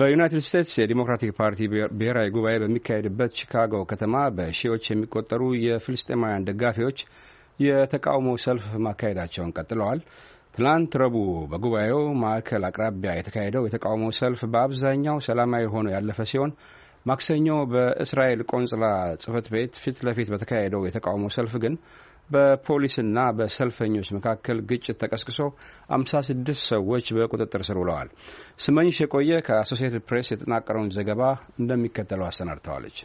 በዩናይትድ ስቴትስ የዲሞክራቲክ ፓርቲ ብሔራዊ ጉባኤ በሚካሄድበት ቺካጎ ከተማ በሺዎች የሚቆጠሩ የፍልስጤማውያን ደጋፊዎች የተቃውሞ ሰልፍ ማካሄዳቸውን ቀጥለዋል። ትላንት ረቡዕ በጉባኤው ማዕከል አቅራቢያ የተካሄደው የተቃውሞ ሰልፍ በአብዛኛው ሰላማዊ ሆኖ ያለፈ ሲሆን ማክሰኞ በእስራኤል ቆንጽላ ጽህፈት ቤት ፊት ለፊት በተካሄደው የተቃውሞ ሰልፍ ግን በፖሊስና በሰልፈኞች መካከል ግጭት ተቀስቅሶ 56 ሰዎች በቁጥጥር ስር ውለዋል። ስመኝሽ የቆየ ከአሶሲየትድ ፕሬስ የተጠናቀረውን ዘገባ እንደሚከተለው አሰናድተዋለች።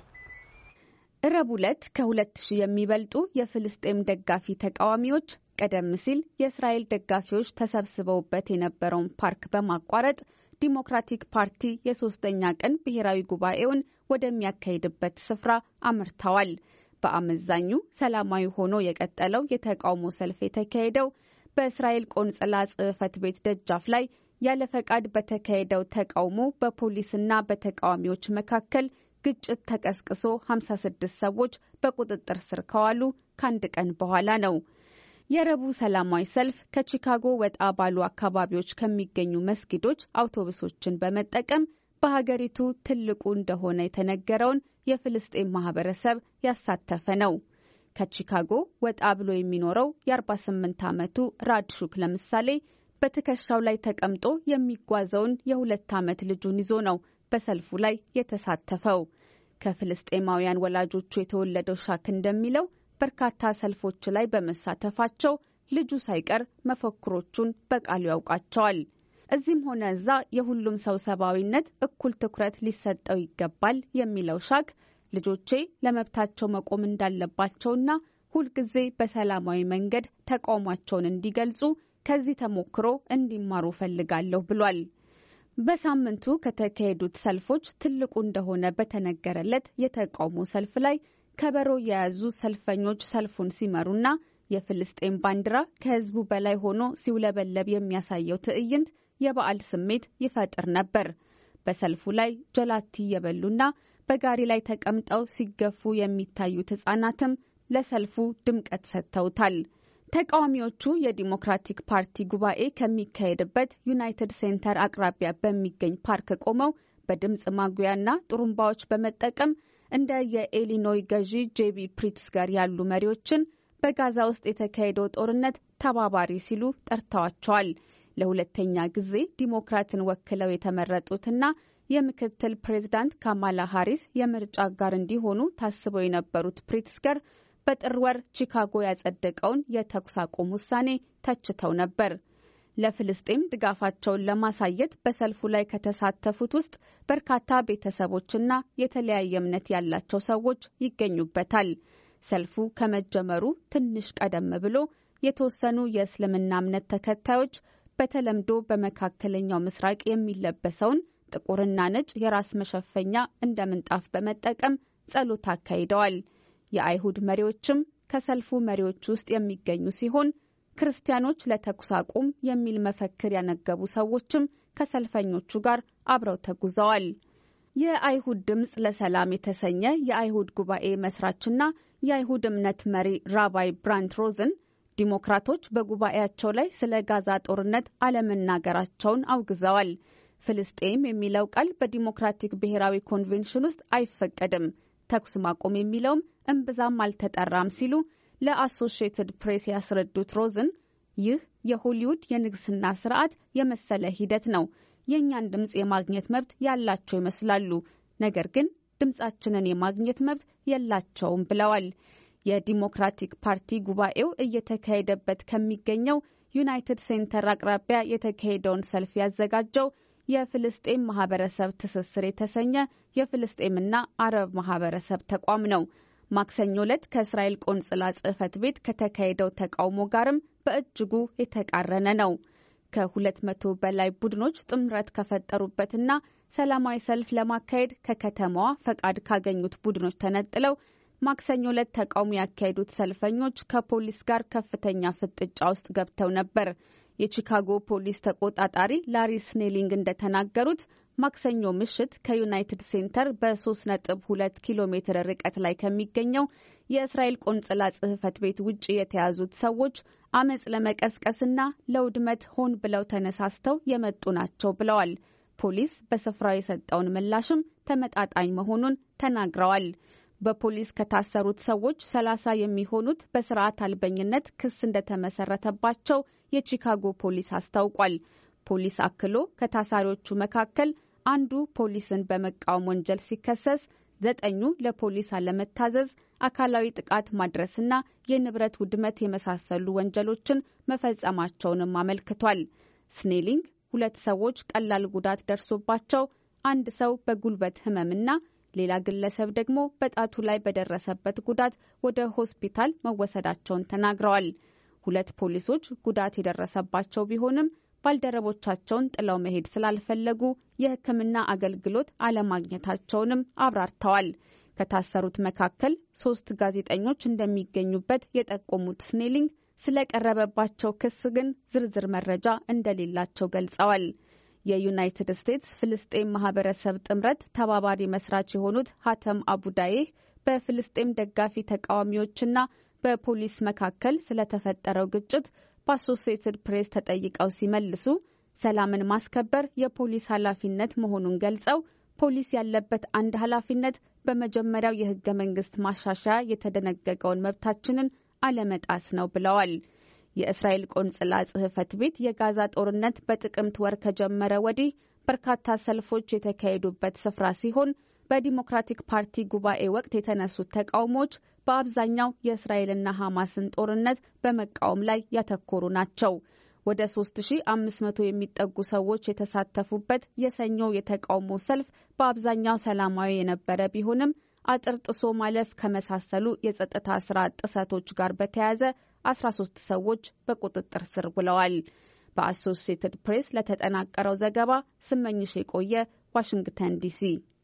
እረብ ሁለት ከሁለት ሺህ የሚበልጡ የፍልስጤም ደጋፊ ተቃዋሚዎች ቀደም ሲል የእስራኤል ደጋፊዎች ተሰብስበውበት የነበረውን ፓርክ በማቋረጥ ዲሞክራቲክ ፓርቲ የሶስተኛ ቀን ብሔራዊ ጉባኤውን ወደሚያካሂድበት ስፍራ አምርተዋል። በአመዛኙ ሰላማዊ ሆኖ የቀጠለው የተቃውሞ ሰልፍ የተካሄደው በእስራኤል ቆንጽላ ጽሕፈት ቤት ደጃፍ ላይ ያለ ፈቃድ በተካሄደው ተቃውሞ በፖሊስና በተቃዋሚዎች መካከል ግጭት ተቀስቅሶ 56 ሰዎች በቁጥጥር ስር ከዋሉ ከአንድ ቀን በኋላ ነው። የረቡ ሰላማዊ ሰልፍ ከቺካጎ ወጣ ባሉ አካባቢዎች ከሚገኙ መስጊዶች አውቶቡሶችን በመጠቀም በሀገሪቱ ትልቁ እንደሆነ የተነገረውን የፍልስጤም ማህበረሰብ ያሳተፈ ነው። ከቺካጎ ወጣ ብሎ የሚኖረው የ48 ዓመቱ ራድ ሹክ ለምሳሌ በትከሻው ላይ ተቀምጦ የሚጓዘውን የሁለት ዓመት ልጁን ይዞ ነው በሰልፉ ላይ የተሳተፈው። ከፍልስጤማውያን ወላጆቹ የተወለደው ሻክ እንደሚለው በርካታ ሰልፎች ላይ በመሳተፋቸው ልጁ ሳይቀር መፈክሮቹን በቃሉ ያውቃቸዋል። እዚህም ሆነ እዛ የሁሉም ሰው ሰብአዊነት እኩል ትኩረት ሊሰጠው ይገባል የሚለው ሻክ ልጆቼ ለመብታቸው መቆም እንዳለባቸውና ሁልጊዜ በሰላማዊ መንገድ ተቃውሟቸውን እንዲገልጹ ከዚህ ተሞክሮ እንዲማሩ ፈልጋለሁ ብሏል። በሳምንቱ ከተካሄዱት ሰልፎች ትልቁ እንደሆነ በተነገረለት የተቃውሞ ሰልፍ ላይ ከበሮ የያዙ ሰልፈኞች ሰልፉን ሲመሩና የፍልስጤም ባንዲራ ከህዝቡ በላይ ሆኖ ሲውለበለብ የሚያሳየው ትዕይንት የበዓል ስሜት ይፈጥር ነበር። በሰልፉ ላይ ጀላቲ የበሉና በጋሪ ላይ ተቀምጠው ሲገፉ የሚታዩት ህጻናትም ለሰልፉ ድምቀት ሰጥተውታል። ተቃዋሚዎቹ የዲሞክራቲክ ፓርቲ ጉባኤ ከሚካሄድበት ዩናይትድ ሴንተር አቅራቢያ በሚገኝ ፓርክ ቆመው በድምፅ ማጉያና ጥሩምባዎች በመጠቀም እንደ የኢሊኖይ ገዢ ጄቢ ፕሪትስ ጋር ያሉ መሪዎችን በጋዛ ውስጥ የተካሄደው ጦርነት ተባባሪ ሲሉ ጠርተዋቸዋል። ለሁለተኛ ጊዜ ዲሞክራትን ወክለው የተመረጡትና የምክትል ፕሬዚዳንት ካማላ ሃሪስ የምርጫ ጋር እንዲሆኑ ታስበው የነበሩት ፕሪትስከር በጥር ወር ቺካጎ ያጸደቀውን የተኩስ አቁም ውሳኔ ተችተው ነበር። ለፍልስጤም ድጋፋቸውን ለማሳየት በሰልፉ ላይ ከተሳተፉት ውስጥ በርካታ ቤተሰቦችና የተለያየ እምነት ያላቸው ሰዎች ይገኙበታል። ሰልፉ ከመጀመሩ ትንሽ ቀደም ብሎ የተወሰኑ የእስልምና እምነት ተከታዮች በተለምዶ በመካከለኛው ምስራቅ የሚለበሰውን ጥቁርና ነጭ የራስ መሸፈኛ እንደ ምንጣፍ በመጠቀም ጸሎት አካሂደዋል። የአይሁድ መሪዎችም ከሰልፉ መሪዎች ውስጥ የሚገኙ ሲሆን ክርስቲያኖች ለተኩስ አቁም የሚል መፈክር ያነገቡ ሰዎችም ከሰልፈኞቹ ጋር አብረው ተጉዘዋል። የአይሁድ ድምፅ ለሰላም የተሰኘ የአይሁድ ጉባኤ መስራችና የአይሁድ እምነት መሪ ራባይ ብራንት ሮዝን ዲሞክራቶች በጉባኤያቸው ላይ ስለ ጋዛ ጦርነት አለመናገራቸውን አውግዘዋል። ፍልስጤም የሚለው ቃል በዲሞክራቲክ ብሔራዊ ኮንቬንሽን ውስጥ አይፈቀድም፣ ተኩስ ማቆም የሚለውም እምብዛም አልተጠራም ሲሉ ለአሶሺየትድ ፕሬስ ያስረዱት ሮዝን ይህ የሆሊውድ የንግስና ስርዓት የመሰለ ሂደት ነው። የእኛን ድምፅ የማግኘት መብት ያላቸው ይመስላሉ፣ ነገር ግን ድምፃችንን የማግኘት መብት የላቸውም ብለዋል። የዲሞክራቲክ ፓርቲ ጉባኤው እየተካሄደበት ከሚገኘው ዩናይትድ ሴንተር አቅራቢያ የተካሄደውን ሰልፍ ያዘጋጀው የፍልስጤም ማህበረሰብ ትስስር የተሰኘ የፍልስጤምና አረብ ማህበረሰብ ተቋም ነው። ማክሰኞ ዕለት ከእስራኤል ቆንጽላ ጽሕፈት ቤት ከተካሄደው ተቃውሞ ጋርም በእጅጉ የተቃረነ ነው። ከሁለት መቶ በላይ ቡድኖች ጥምረት ከፈጠሩበትና ሰላማዊ ሰልፍ ለማካሄድ ከከተማዋ ፈቃድ ካገኙት ቡድኖች ተነጥለው ማክሰኞ ዕለት ተቃውሞ ያካሄዱት ሰልፈኞች ከፖሊስ ጋር ከፍተኛ ፍጥጫ ውስጥ ገብተው ነበር። የቺካጎ ፖሊስ ተቆጣጣሪ ላሪ ስኔሊንግ እንደተናገሩት ማክሰኞ ምሽት ከዩናይትድ ሴንተር በ3.2 ኪሎ ሜትር ርቀት ላይ ከሚገኘው የእስራኤል ቆንጽላ ጽሕፈት ቤት ውጭ የተያዙት ሰዎች አመፅ ለመቀስቀስና ለውድመት ሆን ብለው ተነሳስተው የመጡ ናቸው ብለዋል። ፖሊስ በስፍራው የሰጠውን ምላሽም ተመጣጣኝ መሆኑን ተናግረዋል። በፖሊስ ከታሰሩት ሰዎች ሰላሳ የሚሆኑት በስርዓት አልበኝነት ክስ እንደተመሰረተባቸው የቺካጎ ፖሊስ አስታውቋል። ፖሊስ አክሎ ከታሳሪዎቹ መካከል አንዱ ፖሊስን በመቃወም ወንጀል ሲከሰስ ዘጠኙ ለፖሊስ አለመታዘዝ፣ አካላዊ ጥቃት ማድረስና የንብረት ውድመት የመሳሰሉ ወንጀሎችን መፈጸማቸውንም አመልክቷል። ስኔሊንግ ሁለት ሰዎች ቀላል ጉዳት ደርሶባቸው አንድ ሰው በጉልበት ህመምና ሌላ ግለሰብ ደግሞ በጣቱ ላይ በደረሰበት ጉዳት ወደ ሆስፒታል መወሰዳቸውን ተናግረዋል። ሁለት ፖሊሶች ጉዳት የደረሰባቸው ቢሆንም ባልደረቦቻቸውን ጥለው መሄድ ስላልፈለጉ የሕክምና አገልግሎት አለማግኘታቸውንም አብራርተዋል። ከታሰሩት መካከል ሶስት ጋዜጠኞች እንደሚገኙበት የጠቆሙት ስኔሊንግ ስለቀረበባቸው ክስ ግን ዝርዝር መረጃ እንደሌላቸው ገልጸዋል። የዩናይትድ ስቴትስ ፍልስጤም ማህበረሰብ ጥምረት ተባባሪ መስራች የሆኑት ሀተም አቡዳይህ በፍልስጤም ደጋፊ ተቃዋሚዎችና በፖሊስ መካከል ስለተፈጠረው ግጭት በአሶሲየትድ ፕሬስ ተጠይቀው ሲመልሱ ሰላምን ማስከበር የፖሊስ ኃላፊነት መሆኑን ገልጸው ፖሊስ ያለበት አንድ ኃላፊነት በመጀመሪያው የህገ መንግስት ማሻሻያ የተደነገገውን መብታችንን አለመጣስ ነው ብለዋል። የእስራኤል ቆንጽላ ጽህፈት ቤት የጋዛ ጦርነት በጥቅምት ወር ከጀመረ ወዲህ በርካታ ሰልፎች የተካሄዱበት ስፍራ ሲሆን በዲሞክራቲክ ፓርቲ ጉባኤ ወቅት የተነሱት ተቃውሞዎች በአብዛኛው የእስራኤልና ሐማስን ጦርነት በመቃወም ላይ ያተኮሩ ናቸው። ወደ 3500 የሚጠጉ ሰዎች የተሳተፉበት የሰኞው የተቃውሞ ሰልፍ በአብዛኛው ሰላማዊ የነበረ ቢሆንም አጥር ጥሶ ማለፍ ከመሳሰሉ የጸጥታ ስራ ጥሰቶች ጋር በተያያዘ 13 ሰዎች በቁጥጥር ስር ውለዋል። በአሶሲየትድ ፕሬስ ለተጠናቀረው ዘገባ ስመኝሽ የቆየ ዋሽንግተን ዲሲ